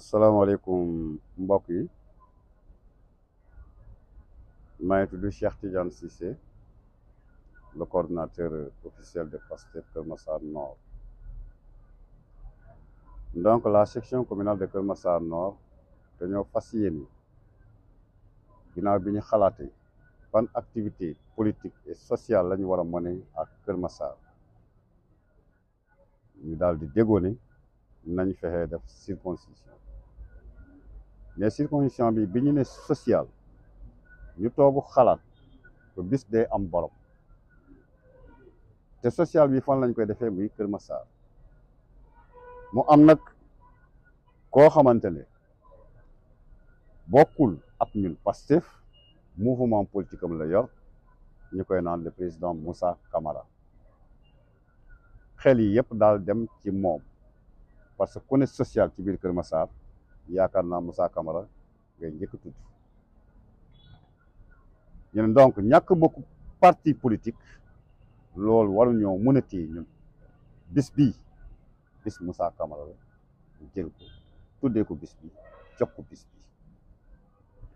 Salam alaikum yi Maître du Cheikh Tidiane Cissé le coordinateur officiel de Pastef Kermassar Nord donc la section communale de C'est Massar Nord Qui est en une de se faire. ban activité politique et sociale lañu ñu war a mener ak Kër Massar ñu daal di déggoo nañ fexee def circoncision mais circoncision bi bi ñu ne sociale ñu toogu xalaat ba bis day am borom te sociale bi fan lañ koy defee muy Kër Massar mu am nag koo xamante ne bokkul ak ñun Pastef mouvement politique am la yor ñu koy naan le président Moussa Camara xel yi yëpp daal dem ci moom parce que ku social ci biir Kër Massar yaakaar naa Moussa kamara ngay njëkk a tudd ñun donc ñàkk bokk parti politique loolu waru ñoo mën a téye ñun bis bii bis Moussa Camara la jël ko tuddee ko bis bi jox ko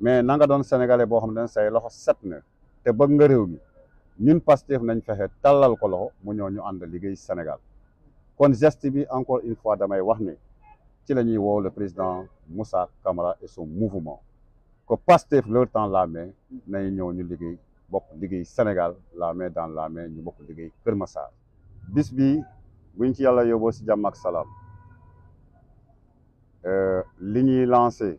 mais na nga doon sénégalais boo xam ne say loxo set na te bëgg nga réew mi ñun Pastef nañ fexe tallal ko loxo mu ñoo ñu ànd liggéey Sénégal kon geste bi encore une fois damay wax ne ci la ñuy le président Moussa Camara et son mouvement que Pastef leur temps la main nañ ñëw ñu liggéey bokk liggéey Sénégal la main dans la main ñu bokk liggéey Kër Massar bis bi buñ ci yàlla yóbboo si jàmm ak salaam euh, li ñuy lancé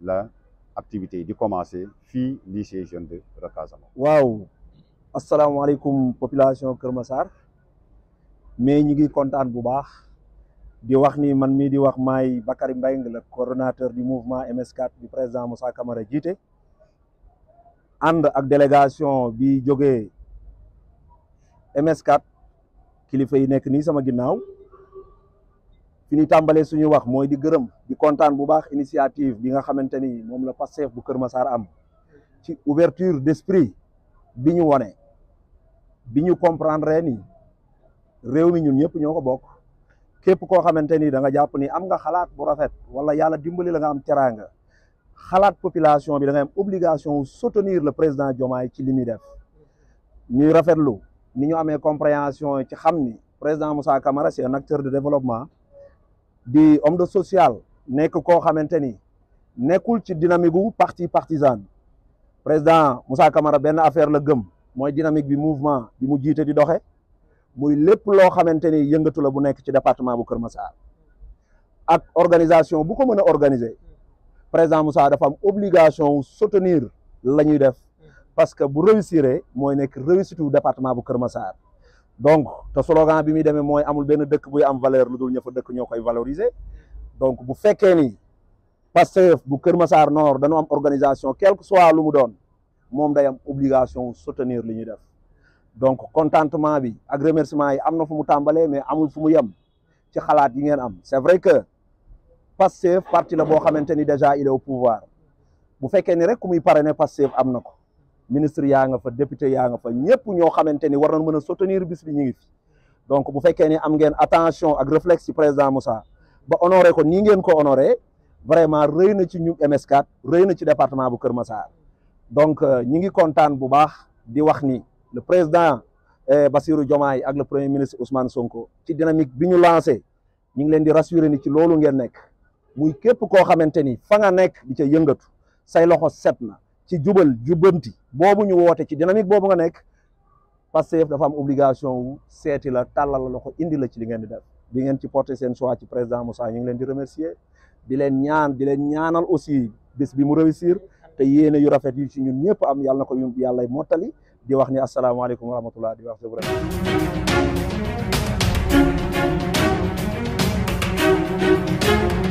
la activité di commencé fii lycée jeune de Casamance. waaw asalaamaaleykum population Kër Massar mais ñu ngi kontaan bu baax di wax ni man mii di wax maay mbay Mbengue la coordonnateur du mouvement MS4 du président Moussa Camara jiite ànd ak délégation bi jógee ms kilifa yi nekk ni sama ginnaaw. fi ñu tàmbalee suñu wax moy di gërëm di contane bu baax initiative bi nga xamanteni mom la Pastef bu Kër Massar am ci ouverture d'esprit biñu woné biñu comprendre ni réew mi ñun ñëpp ñoko bok képp ko xamanteni da nga japp ni am nga xalaat bu rafet wala yalla dimbali la nga am teraanga xalaat population bi da nga am obligation soutenir le président Diomaye ci limi def ñuy rafetlu ni ñu amé compréhension ci xamni président Moussa Camara c'est un acteur de développement di homme de social nekk koo xamante ni nekkul ci dynamique parti partisan président Moussa Camara benn affaire la gëm mooy dynamique bi mouvement bi mu jiite di doxe muy lépp loo xamante ni yëngatu la bu nekk ci département bu Kër Massar ak organisation bu ko mën a organiser président Moussa dafa am obligation wu soutenir la ñuy def parce que bu réussir mooy nekk réussite wu département bu Kër Massar donc ta slogan bi mi demee moy amul ben dëkk buy am valeur valoriser donc bu féké ni vous bu Kër Massar Nord dañu organisation quel que soit lu mu doon day am obligation soutenir li def donc contentement bi ak remerciement yi vous fu mais amul fu mu ci xalaat c'est vrai que la déjà il est au pouvoir bu ni rek ministre yaa nga fa député yaa nga fa ñëpp ñoo xamante ni war nañ mën a soutenir bis bi ñu ngi fi donc bu fekkee ni am ngeen attention ak réflexe ci président Moussa ba honoré ko nii ngeen ko honoré vraiment rëy na ci ñu MS4 rëy na ci département bu Kër Massar donc euh, ñi ngi kontaan bu baax di wax ni le président eh, Bassirou Diomaye ak le premier ministre Ousmane Sonko ci dynamique bi ñu lancé ñu ngi leen di rassurer ni ci loolu ngeen nekk muy képp koo xamante ni fa nga nekk di ca yëngatu say loxo set na. ci jubal jubbanti boobu ñu woote ci dynamique boobu nga nekk Pastef dafa am obligation wu seeti la tàllal la loxo indi la ci li ngeen di def bi ngeen ci porter seen choix ci président Moussa ñu ngi leen di remercier di leen ñaan di leen ñaanal aussi bés bi mu réussir te yéene yu rafet yu ci ñun ñëpp am yàlla ko yu yàlla mottali di wax ni asalaamaaleykum wa rahmatullah di wax jërëjëf